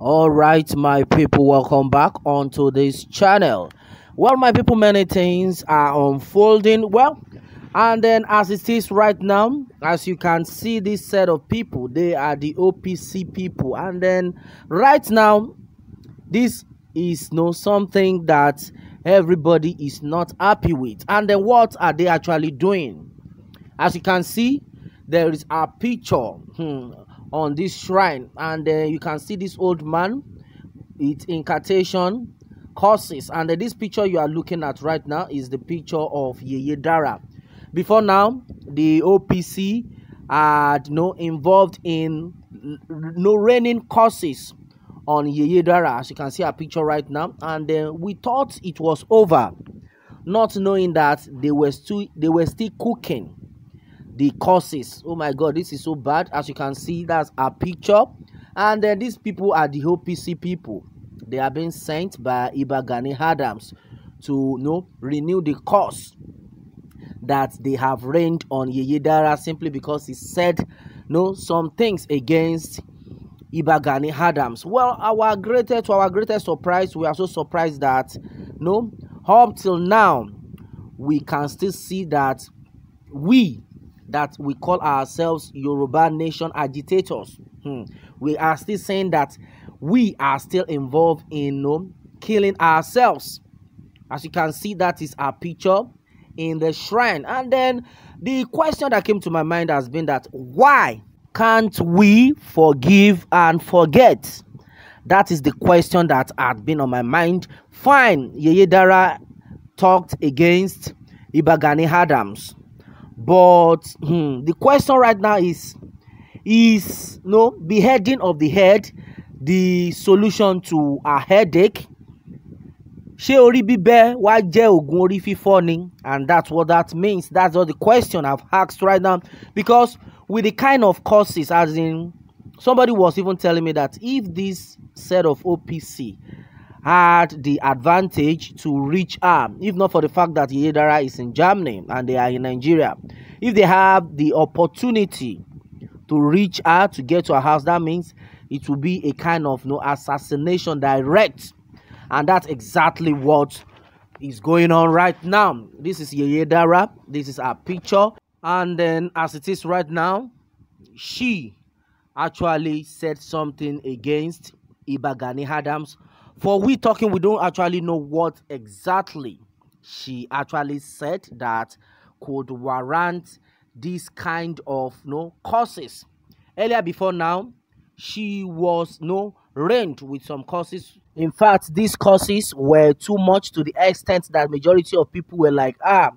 all right my people welcome back onto this channel well my people many things are unfolding well and then as it is right now as you can see this set of people they are the opc people and then right now this is you no know, something that everybody is not happy with and then what are they actually doing as you can see there is a picture hmm, on this shrine and uh, you can see this old man with incantation curses and uh, this picture you are looking at right now is the picture of Yeye Dara. Before now, the OPC had no involved in no raining curses on Yeye Dara as you can see a picture right now and uh, we thought it was over not knowing that they were still they were still cooking the causes oh my god this is so bad as you can see that's a picture and then these people are the opc people they are being sent by ibagani adams to you know renew the course that they have reigned on yeyedara simply because he said you no know, some things against ibagani adams well our greatest to our greatest surprise we are so surprised that you no know, up till now we can still see that we that we call ourselves Yoruba nation agitators. Hmm. We are still saying that we are still involved in you know, killing ourselves. As you can see, that is our picture in the shrine. And then the question that came to my mind has been that why can't we forgive and forget? That is the question that had been on my mind. Fine, Yeyedara talked against Ibagani Adams. But hmm, the question right now is is no beheading of the head the solution to a headache? ṣé orí bíbẹ́ why jẹ́ oògùn orí fífọ́ ni and that's what that means that's all the question I've asked right now because with the kind of causes as in somebody was even telling me that if this set of OPC had the advantage to reach her, if not for the fact that Yedara is in Germany and they are in Nigeria. If they have the opportunity to reach her to get to her house, that means it will be a kind of you no know, assassination direct, and that's exactly what is going on right now. This is Yedara. This is her picture, and then as it is right now, she actually said something against Ibagani Adams for we talking we don't actually know what exactly she actually said that could warrant this kind of you no know, courses earlier before now she was you no know, with some courses in fact these courses were too much to the extent that majority of people were like ah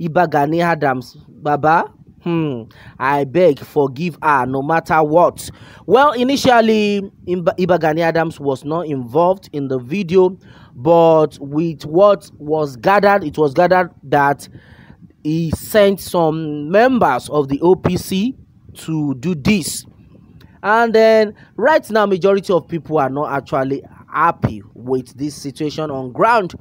ibagani adams baba Hmm, I beg, forgive her no matter what. Well, initially, Ibagani Adams was not involved in the video, but with what was gathered, it was gathered that he sent some members of the OPC to do this. And then right now, majority of people are not actually happy with this situation on ground.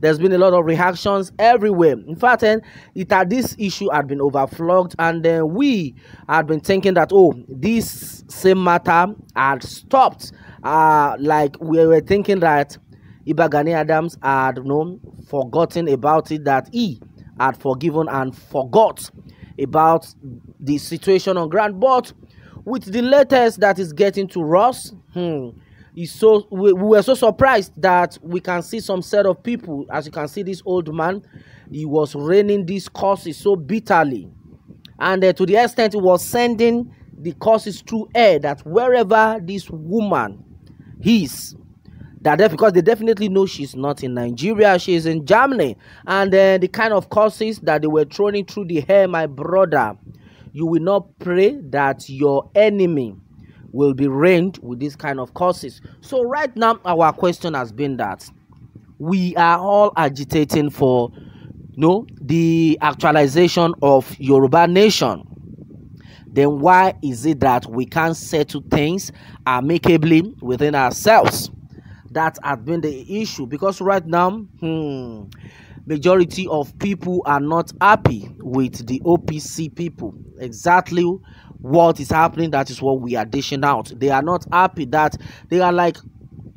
There's been a lot of reactions everywhere. In fact, and eh, it had this issue had been overflogged, and then we had been thinking that oh, this same matter had stopped. Uh, like we were thinking that Ibagani Adams had you known forgotten about it, that he had forgiven and forgot about the situation on ground. But with the latest that is getting to us, hmm, is so we, we were so surprised that we can see some set of people as you can see this old man he was raining these curses so bitterly and uh, to the extent he was sending the curses through air that wherever this woman is that because they definitely know she's not in Nigeria, she's in Germany. And uh, the kind of curses that they were throwing through the hair, my brother, you will not pray that your enemy will be ranked with this kind of courses. So right now our question has been that we are all agitating for you no know, the actualization of Yoruba nation. Then why is it that we can't settle things amicably within ourselves? That has been the issue because right now, hmm, majority of people are not happy with the OPC people. Exactly what is happening, that is what we are dishing out. They are not happy that they are like,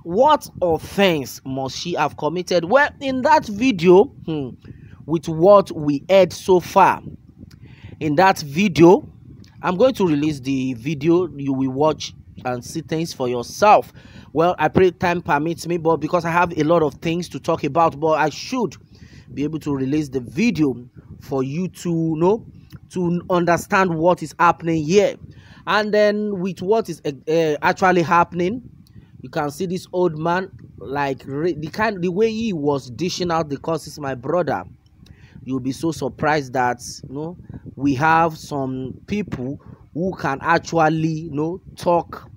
what offense must she have committed? Well, in that video, hmm, with what we heard so far, in that video, I'm going to release the video. You will watch and see things for yourself. Well, I pray time permits me, but because I have a lot of things to talk about, but I should be able to release the video for you to know to understand what is happening here and then with what is uh, actually happening you can see this old man like the kind the way he was dishing out the curses my brother you'll be so surprised that you know we have some people who can actually you know talk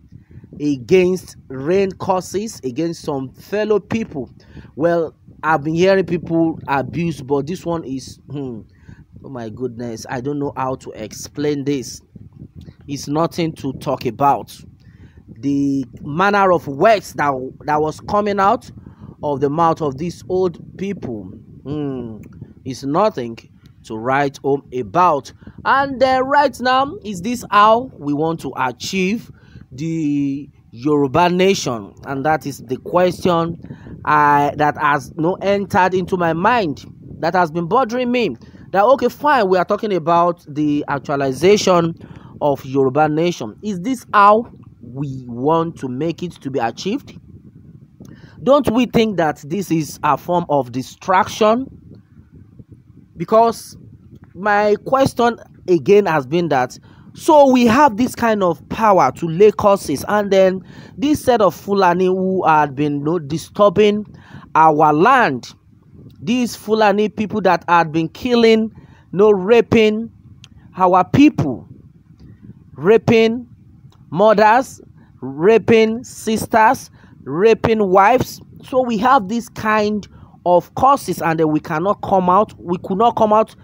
against rain curses against some fellow people well I've been hearing people abuse, but this one is, hmm, oh my goodness, I don't know how to explain this. It's nothing to talk about. The manner of words that that was coming out of the mouth of these old people hmm, is nothing to write home about. And uh, right now, is this how we want to achieve the Yoruba nation? And that is the question I that has no entered into my mind that has been bothering me. That okay, fine, we are talking about the actualization of Yoruba nation. Is this how we want to make it to be achieved? Don't we think that this is a form of distraction? Because my question again has been that so we have this kind of power to lay curses, and then this set of Fulani who had been you know, disturbing our land, these Fulani people that had been killing, you no know, raping our people, raping mothers, raping sisters, raping wives. So we have this kind of causes and we cannot come out we could not come out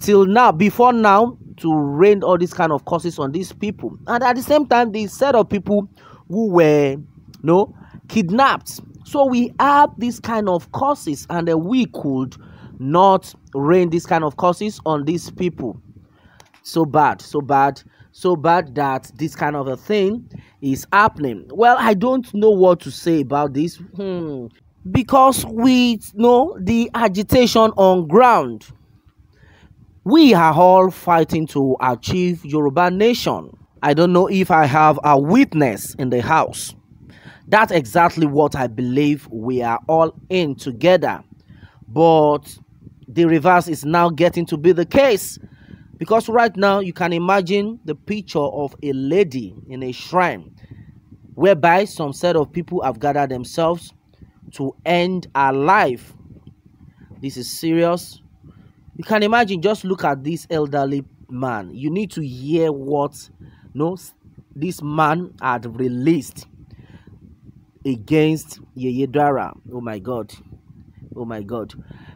till now before now to rain all these kind of causes on these people and at the same time the set of people who were you no know, kidnapped so we have these kind of causes and we could not rain these kind of causes on these people so bad so bad so bad that this kind of a thing is happening well i don't know what to say about this hmm because we know the agitation on ground. We are all fighting to achieve Yoruba nation. I don't know if I have a witness in the house. That's exactly what I believe we are all in together. But the reverse is now getting to be the case. Because right now, you can imagine the picture of a lady in a shrine, whereby some set of people have gathered themselves to end her life. This is serious. You can imagine, just look at this elderly man. You need to hear what you no know, this man had released against Yeyedara. Oh my God. Oh my God.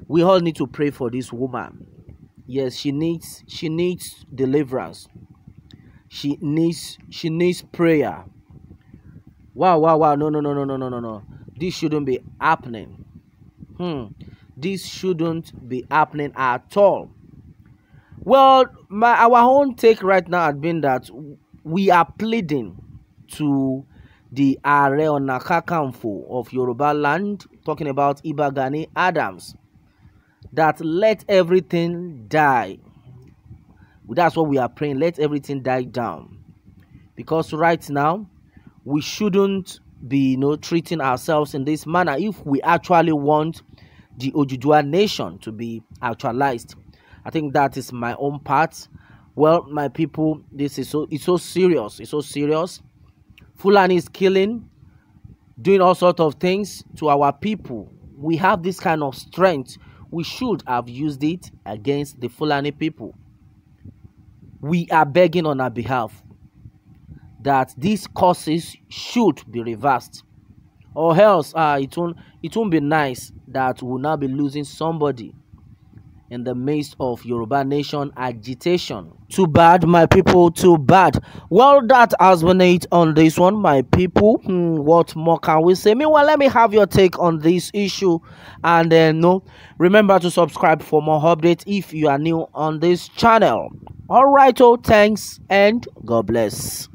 We all need to pray for this woman. Yes, she needs she needs deliverance. She needs she needs prayer. Wow, wow, wow. No, no, no, no, no, no, no, no. This shouldn't be happening. Hmm. This shouldn't be happening at all. Well, my our own take right now had been that we are pleading to the Ààrẹ Ọ̀nà Kakanfò of Yoruba land, talking about Ibagani Adams, that let everything die. That's what we are praying. Let everything die down. Because right now, we shouldn't be you know treating ourselves in this manner if we actually want the Ojujua nation to be actualized. I think that is my own part. Well, my people, this is so it's so serious. It's so serious. Fulani is killing, doing all sorts of things to our people. We have this kind of strength. We should have used it against the Fulani people. We are begging on our behalf that these courses should be reversed or else uh, it won't it won't be nice that we'll now be losing somebody in the midst of Yoruba nation agitation. Too bad, my people, too bad. Well, that has been it on this one, my people. Hmm, what more can we say? Meanwhile, let me have your take on this issue. And then, uh, no, remember to subscribe for more updates if you are new on this channel. All right, oh, thanks and God bless.